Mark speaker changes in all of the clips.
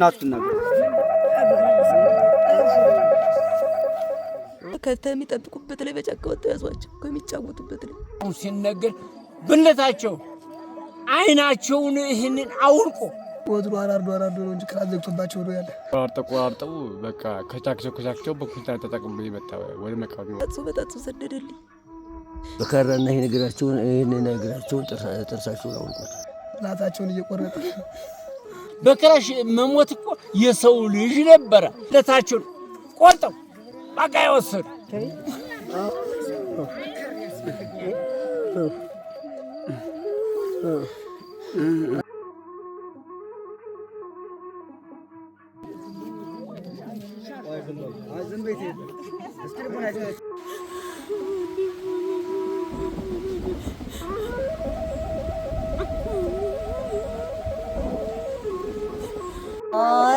Speaker 1: ናቱና
Speaker 2: ከሚጠብቁበት ላይ በጫካ ወጥተው ያዟቸው። ከሚጫወቱበት
Speaker 3: ላይ ሲነገር ብልታቸው አይናቸውን ይህንን አውልቆ
Speaker 4: ወድሮ አራርዶ አራርዶ ነው እንጂ ቅጣት ዘግቶባቸው ያለ
Speaker 5: አርጠቁ አርጠው በቃ ከቻክቸው ከቻክቸው በኩንታ ተጠቅሞ ይመጣ ወደ መቃቢ
Speaker 2: ጣጹ በጣጹ ሰደደልኝ።
Speaker 6: በካራና ይህ ነገራቸውን ይህን ነገራቸውን ጥርሳቸውን አውልቆ
Speaker 4: ላታቸውን እየቆረጠ
Speaker 3: በክራሽ መሞት እኮ የሰው ልጅ ነበረ። ለታችን ቆርጠው በቃ የወሰዱ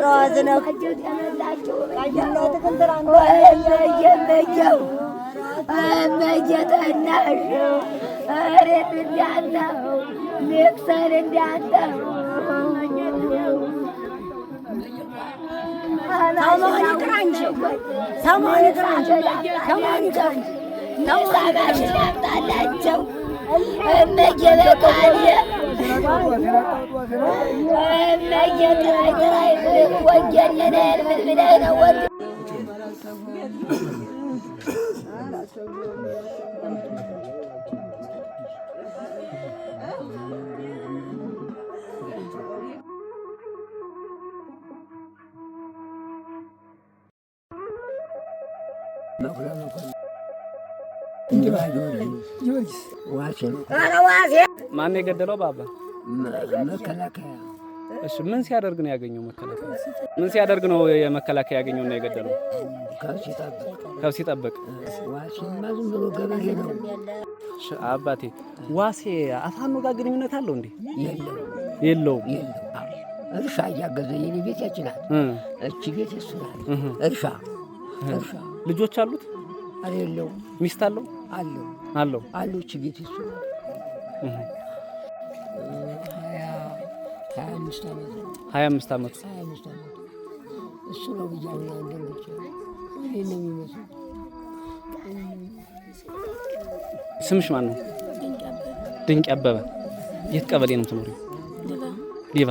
Speaker 3: ሮዝ ነው
Speaker 2: እመየው እመየጠናሽ እሬት እንዳንተው ሚክሰል እንዳንተው
Speaker 3: ሰሞን ይቅራ እንጂ ሰሞን ይቅራ እንጂ ሰሞን ይቅራ እንጂ
Speaker 2: ተውሳጋሽ ላምጣላቸው እመየ በቃ
Speaker 7: ማን የገደለው ባባ?
Speaker 6: መከላከያ
Speaker 7: ምን ሲያደርግ ነው ያገኘው? መከላከያ ምን ሲያደርግ ነው የመከላከያ ያገኘው እና የገደለው? ከብት ሲጠብቅ። አባቴ ዋሴ አፋኖ ጋር ግንኙነት አለው እንዴ? የለውም።
Speaker 6: እርሻ እያገዘ የኔ ቤት ያችላል። እቺ ቤት እርሻ
Speaker 7: እርሻ ልጆች አሉት? የለውም። ሚስት አለው? አለው አለው
Speaker 6: አለው። እቺ ቤት ይስናል ሀያ አምስት ዓመቱ እሱ ነው ነው
Speaker 7: ስምሽ ማን ነው? ድንቅ አበበ። የት ቀበሌ ነው ትኖሪ ሌባ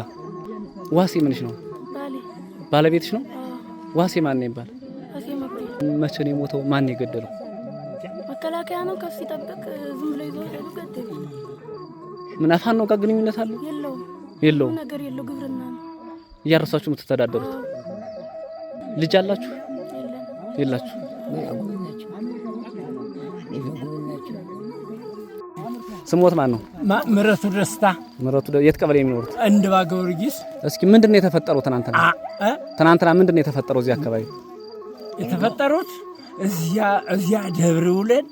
Speaker 7: ዋሴ ምንሽ ነው? ባለቤትሽ ነው? ዋሴ ማን ነው ይባል? መቼ ነው የሞተው? ማን ነው የገደለው?
Speaker 2: መከላከያ ነው። ከፍ ሲጠብቅ ዝም ብሎ ይዞ ገደለ።
Speaker 7: ምን አፋን ነው ጋር ግንኙነት አለው? የለውም
Speaker 2: ነገር የለው። ግብርና ነው
Speaker 7: እያረሳችሁ የምትተዳደሩት። ልጅ አላችሁ የላችሁ? ስሞት ማን ነው?
Speaker 3: ምረቱ ደስታ።
Speaker 7: ምረቱ የት ቀበሌ የሚኖሩት?
Speaker 3: እንድባ ጊዮርጊስ።
Speaker 7: እስኪ ምንድን ነው የተፈጠረው? ትናንትና ትናንትና ምንድን ነው የተፈጠረው? እዚህ አካባቢ
Speaker 3: የተፈጠሩት እዚያ እዚያ ደብረ ውለን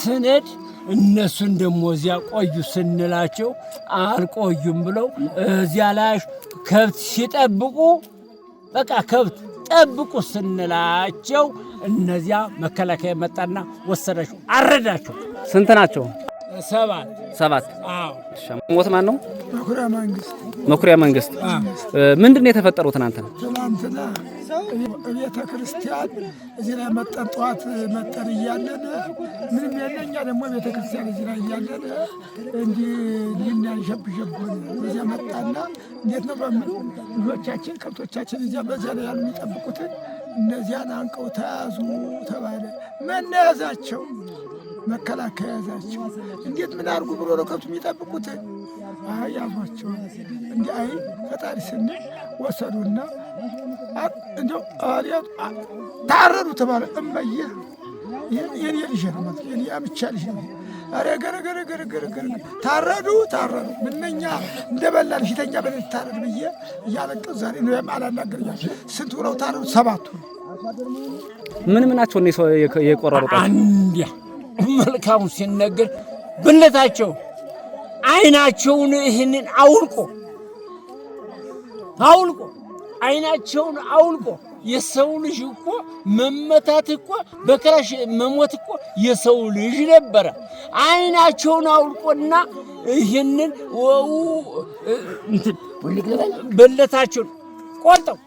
Speaker 3: ስንድ እነሱን ደግሞ እዚያ ቆዩ ስንላቸው አልቆዩም ብለው እዚያ ላይ ከብት ሲጠብቁ በቃ ከብት ጠብቁ ስንላቸው እነዚያ መከላከያ መጣና ወሰዳቸው፣ አረዳቸው። ስንት ናቸው? ሰባት
Speaker 7: ሰባት ሞት ማን ነው? መኩሪያ መንግስት። ምንድን ነው የተፈጠረው? ትናንት ነው
Speaker 8: ትናንትና ቤተ ክርስቲያን እዚህ ላይ መጠን ጠዋት መጠን እያለን ምንም የለ። እኛ ደግሞ ቤተ ክርስቲያን እዚህ ላይ እያለን እንዲህ ልናንሸብሸብን እዚያ መጣና እንዴት ነው በሚሉ ልጆቻችን ከብቶቻችን እዚያ በዚያ ላይ ያሉ የሚጠብቁትን እነዚያን አንቀው ተያዙ ተባለ። መነያዛቸው መከላከያ ያዛቸው። እንዴት ምን አድርጉ ብሎ ነው ከብቱ የሚጠብቁት? አይ ያዟቸው። እንዲ አይ ፈጣሪ ስንል ወሰዱና እንዲያው አልያቱ ታረዱ ተባለ። እመየ የኔ ልጅ ነው ማለት የኔ አምቻ ልጅ ነው። አረ ገረገረገረገረገረ ታረዱ ታረዱ። ምነኛ እንደበላን ፊተኛ በደል ታረድ ብዬ እያለቀ ዛሬ ነው የማላናገርኛ ስንት ሆነው ታረዱ? ሰባቱ
Speaker 7: ምን ምናቸው የቆራረጣ
Speaker 3: አንዲያ መልካሙ ሲነገር ብለታቸው አይናቸውን ይህንን አውልቆ አውልቆ አይናቸውን አውልቆ የሰው ልጅ እኮ መመታት እኮ በክራሽ መሞት እኮ የሰው ልጅ ነበረ። አይናቸውን አውልቆና ይህንን ወው እንትን በለታቸውን ቆርጠው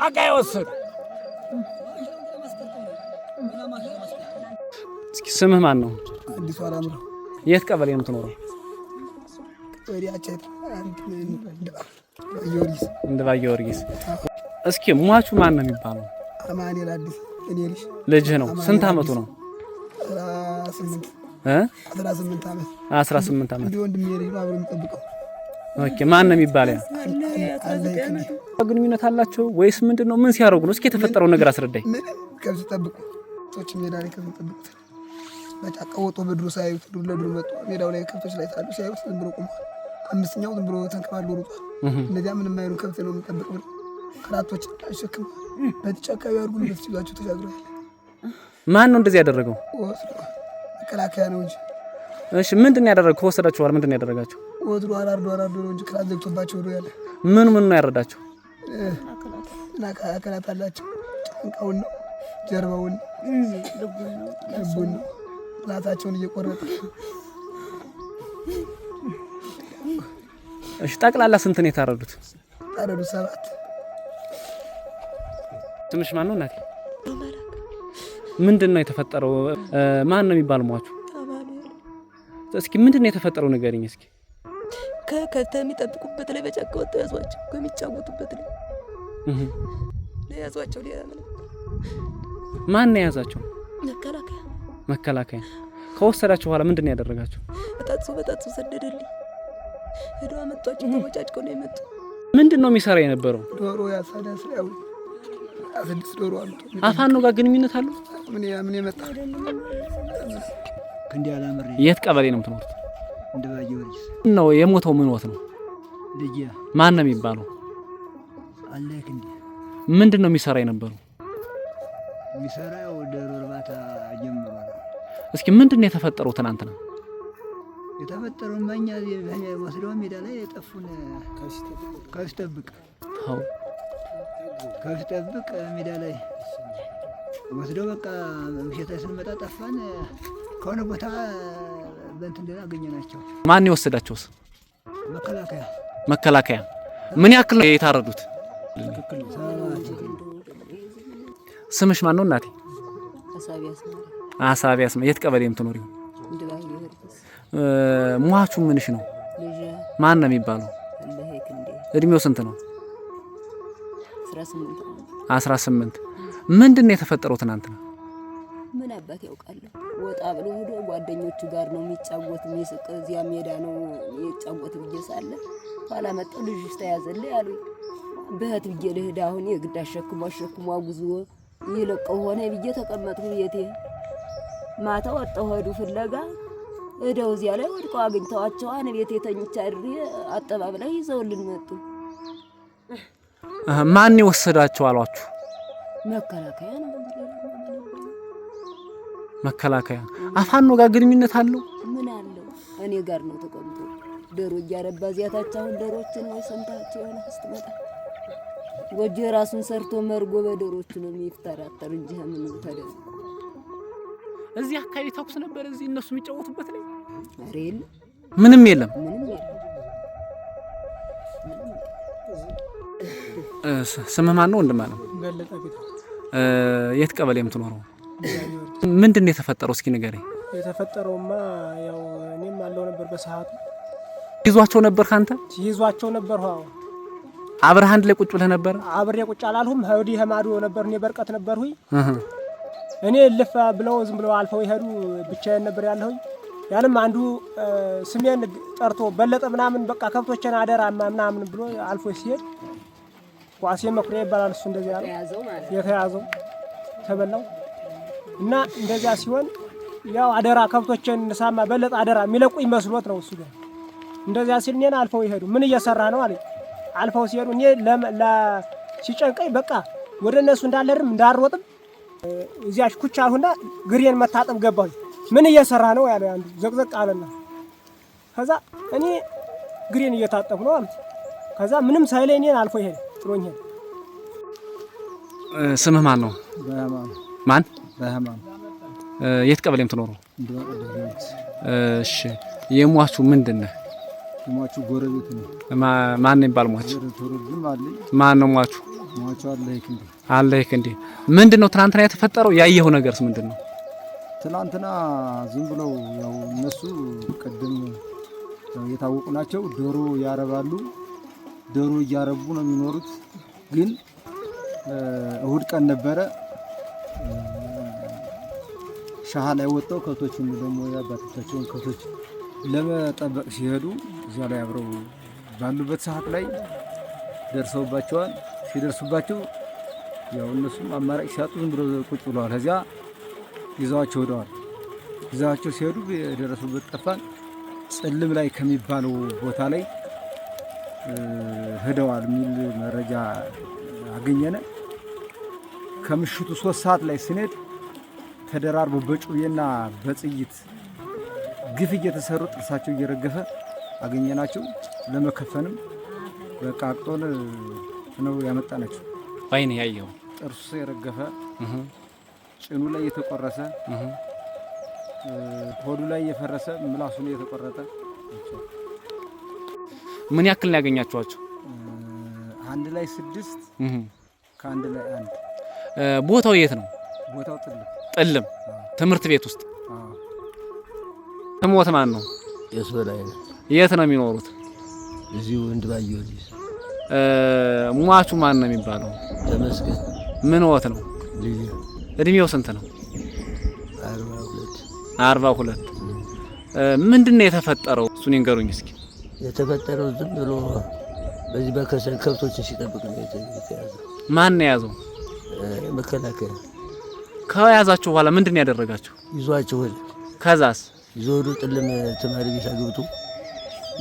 Speaker 3: በቃ የወሰዱ
Speaker 7: እስኪ ስምህ ማን ነው?
Speaker 6: አዲሱ አላምረው።
Speaker 7: የት ቀበሌ ነው የምትኖረው? እንድባ ጊዮርጊስ። እስኪ ሟቹ ማን ነው የሚባለው?
Speaker 6: አማኔል አዲስ
Speaker 7: ልጅህ ነው። ስንት አመቱ ነው? አስራ ስምንት ዓመት ኦኬ። ማን ነው የሚባለው?
Speaker 2: ያ
Speaker 7: ግንኙነት አላቸው ወይስ ምንድን ነው? ምን ሲያደርጉ ነው? እስኪ የተፈጠረው ነገር አስረዳኝ።
Speaker 6: በጫካ ወጦ በዱር ሳያዩት ዱር ለዱር መጡ ሜዳው ላይ ከብቶች ላይ ሳሉ ሲያዩት ዝም ብሎ ቆሟል። አምስተኛው ዝም ብሎ ተንከባሎ ሩጧል። እነዚያ ምንም አይሉ ከብት ነው የሚጠብቅ ብሎ ከራቶች አሸክም በተጫካቢ አድርጉ በተችሏቸው ተሻግረዋል።
Speaker 7: ማን ነው እንደዚህ ያደረገው?
Speaker 6: መከላከያ ነው እንጂ።
Speaker 7: እሺ ምንድን ነው ያደረገው? ከወሰዳችኋል ምንድን ነው ያደረጋቸው?
Speaker 4: ወትሮ አራርዶ አራርዶ ነው እንጂ ክላት ዘግቶባቸው ወደ ያለ
Speaker 7: ምን ምን ነው ያረዳቸው?
Speaker 6: አካላት አላቸው። ጫንቃውን ነው ጀርባውን ልቡን ነው ራሳቸውን እየቆረጠ
Speaker 7: እሺ፣ ጠቅላላ ስንት ነው የታረዱት?
Speaker 6: ታረዱ ሰባት።
Speaker 7: ትምሽ ማን ነው እናቴ? ምንድን ነው የተፈጠረው? ማን ነው የሚባል ሟቹ? እስኪ ምንድን ነው የተፈጠረው ንገሪኝ እስኪ።
Speaker 2: ከከተ የሚጠብቁበት ላይ በጫካ ወጥተው ያዟቸው፣ ከሚጫወቱበት ላይ ነው ያዟቸው። ሌላ ምንም
Speaker 7: ማን ነው የያዛቸው? መከላከያ መከላከያ ከወሰዳችሁ በኋላ ምንድን ነው ያደረጋችሁ?
Speaker 2: በጣቱ በጣጹ ሰደደልኝ። ሄዶ አመጧቸው። ተመጫጭቀው ነው የመጡ።
Speaker 7: ምንድን ነው የሚሰራ የነበረው?
Speaker 6: ዶሮ ያሳዳ ስያው ስድስት ዶሮ አሉ።
Speaker 7: አፋኖ ጋር ግንኙነት አሉ።
Speaker 6: ምን ምን የመጣ
Speaker 7: የት ቀበሌ ነው የምትኖሩት? ነው የሞተው ምን ወት ነው? ማን ነው የሚባለው? ምንድን ነው የሚሰራ የነበረው?
Speaker 6: የሚሰራ ዶሮ እርባታ ጀምሯል።
Speaker 7: እስኪ ምንድን ነው የተፈጠረው? ትናንትና
Speaker 6: የተፈጠረው ማኛ ወስደው ሜዳ ላይ የጠፉን ከብት ጠብቅ ከብት ጠብቅ ሜዳ ላይ ወስደው በቃ ምሽት ላይ ስንመጣ ጠፋን። ከሆነ ቦታ በእንትን ደህና አገኘናቸው።
Speaker 7: ማን የወሰዳቸውስ? መከላከያ መከላከያ። ምን ያክል ነው የታረዱት? ስምሽ ማን ነው እናቴ? አሳቢ ነው። የት ቀበሌ የምትኖር ይሁን? ሟቹ ምንሽ ነው? ማን ነው የሚባለው? እድሜው ስንት ነው? አስራ ስምንት ምንድን ነው የተፈጠረው? ትናንትና
Speaker 2: ምን አባት ያውቃለሁ። ወጣ ብሎ ሄዶ ጓደኞቹ ጋር ነው የሚጫወት የሚስቅ፣ እዚያ ሜዳ ነው የሚጫወት ብዬ ሳለ ኋላ ልጅ ተያዘልህ ያሉ በህት ብዬ ልሂድ አሁን የግድ አሸክሞ አሸክሞ አጉዞ ይልቀው ሆነ ብዬ ተቀመጥኩ ቤቴ። ማታ ወጣሁ ሄዱ ፍለጋ እደው እዚያ ላይ ወድቀው አግኝተዋቸው አነ ቤቴ ተኝቼ አድሬ አጠባብ ላይ ይዘውልን መጡ።
Speaker 7: ማን ይወሰዳቸው አሏችሁ?
Speaker 2: መከላከያ ነው።
Speaker 7: መከላከያ አፋኖ ጋር ግንኙነት አለው?
Speaker 2: ምን አለው? እኔ ጋር ነው ተቀምጦ ዶሮ እያረባ እዚያታቸው። አሁን ዶሮችን ወይ ሰምታቸው የሆነ ስትመጣ ጎጆ የራሱን ሰርቶ መርጎ በደሮቹ ነው የሚፍጠራጠር እንጂ ምን ተደርጎ እዚህ አካባቢ ተኩስ ነበር። እዚህ እነሱ የሚጫወቱበት ላይ ኧረ
Speaker 7: የለም ምንም የለም። ስምህ ማን ነው? ወንድምህ ነው? የት ቀበሌ የምትኖረው? ምንድን ነው የተፈጠረው? እስኪ ንገረኝ።
Speaker 4: የተፈጠረውማ ያው እኔም አለው ነበር በሰዓቱ
Speaker 7: ይዟቸው ነበር። ካንተ
Speaker 4: ይዟቸው ነበር። አዎ
Speaker 7: አብረህ አንድ ላይ ቁጭ ብለህ ነበር?
Speaker 4: አብሬ ቁጭ አላልሁም። ወዲህ የማዶ ነበር፣ እኔ በርቀት ነበርሁኝ። እኔ ልፍ ብለው ዝም ብለው አልፈው ይሄዱ። ብቻዬን ነበር ያለሁኝ። ያንም አንዱ ስሜን ጠርቶ በለጠ ምናምን በቃ ከብቶችን አደራ ምናምን ብሎ አልፎ ሲሄድ ዋሴ መኩሪያ ይባላል እሱ እንደዚያ ያለው የተያዘው ተበላው እና እንደዚያ ሲሆን ያው አደራ ከብቶችን እንሳማ በለጠ አደራ የሚለቁኝ መስሎት ነው እሱ ጋር እንደዚያ ሲል እኔን አልፈው ይሄዱ። ምን እየሰራ ነው አለኝ። አልፈው ሲሄዱ እኔ ሲጨንቀኝ በቃ ወደ እነሱ እንዳልሄድም እንዳልሮጥም እዚያች ኩቻ አልሁና ግሬን መታጠብ ገባሁ። ምን እየሰራ ነው ያለ አንዱ ዘቅዘቅ አለና ከዛ እኔ ግሬን እየታጠብኩ ነው አሉት። ከዛ ምንም ሳይለኝ እኔን አልፎ ይሄድ ጥሎኝ ሄደ።
Speaker 7: ስምህ ማን ነው? ማን? የት ቀበሌም ትኖሩ? እሺ የሟቹ ምንድን ነህ?
Speaker 6: ሟቹ ጎረቤት ነው።
Speaker 7: ማን ይባል ሟች ማን ነው ሟቹ? ሟቹ አለህ ክንዴ። ምንድን ነው ትናንትና የተፈጠረው? ያየኸው ነገርስ ምንድን ነው?
Speaker 6: ትናንትና ዝም ብለው ያው እነሱ ቅድም የታወቁ ናቸው። ዶሮ ያረባሉ። ዶሮ እያረቡ ነው የሚኖሩት። ግን እሁድ ቀን ነበረ ሻሃ ላይ ወጥተው ከብቶቹን ደግሞ የአባቶቻቸውን ከብቶች ለመጠበቅ ሲሄዱ እዚያ ላይ አብረው ባሉበት ሰዓት ላይ ደርሰውባቸዋል። ሲደርሱባቸው ያው እነሱም አማራጭ ሲያጡ ዝም ብሎ ቁጭ ብለዋል። ከዚያ ይዘዋቸው ሄደዋል። ይዘዋቸው ሲሄዱ የደረሱበት ጠፋን። ጽልም ላይ ከሚባለው ቦታ ላይ ሄደዋል የሚል መረጃ አገኘነ። ከምሽቱ ሶስት ሰዓት ላይ ስንሄድ ተደራርበው በጩቤና በጥይት ግፍ እየተሰሩ ጥርሳቸው እየረገፈ አገኘናቸው። ለመከፈንም በቃ አቅጦን ነው ያመጣናቸው። ባይን ያየው ጥርሱ የረገፈ ጭኑ ላይ የተቆረሰ ሆዱ ላይ የፈረሰ ምላሱ ላይ የተቆረጠ።
Speaker 7: ምን ያክል ነው ያገኛችኋቸው?
Speaker 6: አንድ ላይ ስድስት ከአንድ ላይ አንድ። ቦታው የት ነው? ቦታው ጥልም
Speaker 7: ጥልም ትምህርት ቤት ውስጥ ስሞት ማን ነው? በላይ ነው። የት ነው የሚኖሩት?
Speaker 6: እዚሁ እንድባየው ልጅ
Speaker 7: ሟቹ ማን ነው የሚባለው? ተመስገን ምን ወት ነው? ልጅ እድሜው ስንት ነው? አርባ ሁለት ምንድን ነው የተፈጠረው? እሱን ይንገሩኝ እስኪ።
Speaker 6: የተፈጠረው ዝም ብሎ በዚህ በከሰል ከብቶችን ሲጠብቅ ነው የተያዘው። ማን ነው የያዘው? መከላከያ።
Speaker 7: ከያዛችሁ በኋላ ምንድን ነው ያደረጋችሁ? ይዟችሁ ሆነ። ከዛስ
Speaker 6: ዞሮ ጥልም ተማሪዎች አግብቶ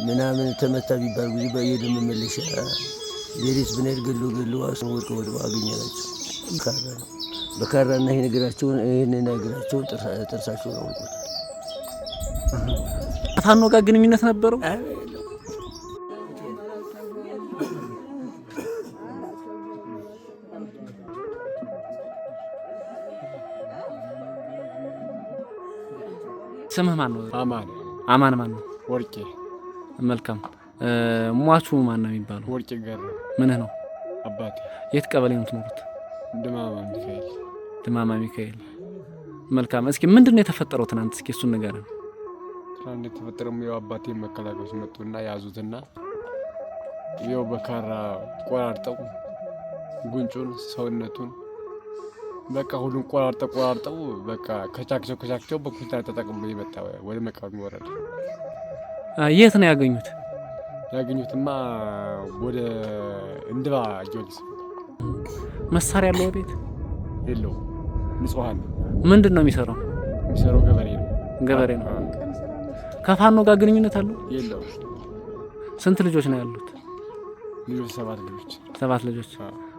Speaker 6: ምናምን ተመታ ቢባል ጊዜ በየደም መመለሻ ሌሊት ብንሄድ ገሎ ገሎ አስሮ ወድቆ ወድቆ አገኘናቸው። ካራ ነው በካራና ይህ ነገራቸውን ይህን ነገራቸውን ጥርሳቸውን አውልቆታል።
Speaker 7: ፋኖ ጋር ግንኙነት ነበረው። ስምህ ማን ነው? አማን። አማን ማን ነው? ወርቄ። መልካም። ሟቹ ማን ነው የሚባለው? ወርቄ ጋር ምንህ ነው? አባቴ። የት ቀበሌ ነው የምትኖሩት?
Speaker 6: ድማማ ሚካኤል።
Speaker 7: ድማማ ሚካኤል። መልካም። እስኪ ምንድን ነው የተፈጠረው ትናንት? እስኪ እሱን ንገረን።
Speaker 5: ትናንት የተፈጠረው ያው አባቴ መከላከያዎች መጡና ያዙትና ያው በካራ ቆራርጠው ጉንጩን ሰውነቱን በቃ ሁሉም ቆራርጠው ቆራርጠው በቃ ከቻክቸው ከቻክቸው በኩንታል ተጠቅሙ የመጣ ወደ መቃብር ወረደ።
Speaker 7: የት ነው ያገኙት?
Speaker 5: ያገኙትማ ወደ እንድባ ጊዮርጊስ።
Speaker 7: መሳሪያ ያለው ቤት
Speaker 6: የለው። ንጹሐን
Speaker 7: ምንድን ነው የሚሰራው?
Speaker 6: የሚሰራው ገበሬ ነው።
Speaker 7: ገበሬ ነው። ከፋኖ ጋር ግንኙነት አለው የለው? ስንት ልጆች ነው ያሉት?
Speaker 6: ልጆች ሰባት ልጆች።
Speaker 7: ሰባት ልጆች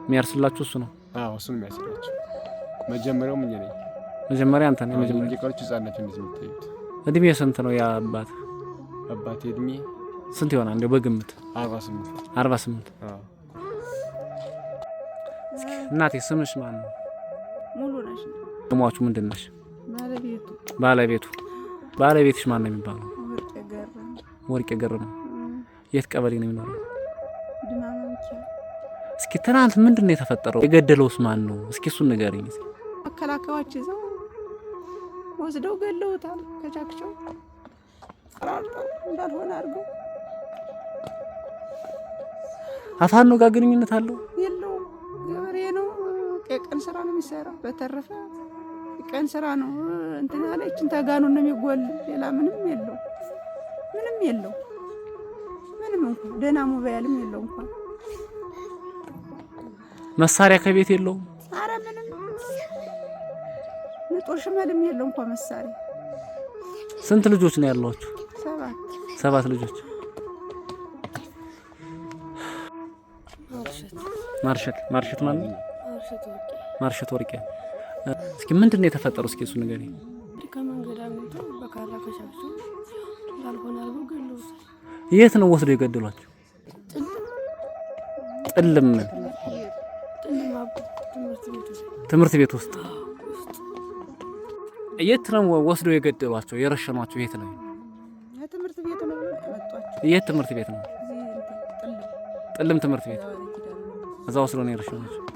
Speaker 7: የሚያርስላችሁ እሱ ነው?
Speaker 6: አዎ እሱ ነው የሚያርስላችሁ። መጀመሪያውም እኔ ነኝ።
Speaker 7: መጀመሪያ አንተ ነህ።
Speaker 6: መጀመሪያ ቃሎች ህጻን ናቸው እንደዚህ የምታዩት።
Speaker 7: እድሜ ስንት ነው ያ አባት? አባት እድሜ ስንት ይሆናል እንደው በግምት? አርባ ስምንት አርባ ስምንት እናቴ ስምሽ ማን ነው? ሙሉ ነሽ? ስሟቹ ምንድን ነሽ? ባለቤቱ ባለቤቱ ባለቤትሽ ማን ነው የሚባለው? ወርቅ ገረመው። የት ቀበሌ ነው የሚኖረው? እስኪ ትናንት ምንድን ነው የተፈጠረው? የገደለውስ ማን ነው? እስኪ እሱን ንገረኝ።
Speaker 2: መከላከያዎች ይዘው ወስደው ገለውታል። ከቻክቸው አራርጠው እንዳልሆነ አድርገው
Speaker 7: አፋኖ ጋር ግንኙነት አለው
Speaker 2: የለው ገበሬ ነው፣ የቀን ስራ ነው የሚሰራ። በተረፈ የቀን ስራ ነው እንትን ያለችን ተጋኑ ነው የሚጎል። ሌላ ምንም የለው፣ ምንም የለው፣ ምንም እንኳን ደህና ሞባይልም የለው እንኳን
Speaker 7: መሳሪያ ከቤት የለውም።
Speaker 2: ጦር ሽመልም የለው መሳሪያ።
Speaker 7: ስንት ልጆች ነው ያሏችሁ? ሰባት ሰባት ልጆች ማርሸት ማርሸት ማን ነው። ማርሸት ወርቄ እስኪ ምንድን ነው የተፈጠረው? እስኪ እሱ ነገር የት ነው ወስደው የገደሏቸው? ጥልም
Speaker 2: ትምህርት ቤት ውስጥ
Speaker 7: የት ነው ወስደው የገደሏቸው የረሸኗቸው? የት ነው? የት ትምህርት ቤት ነው? ጥልም ትምህርት ቤት እዛ ወስደው ነው የረሸኗቸው።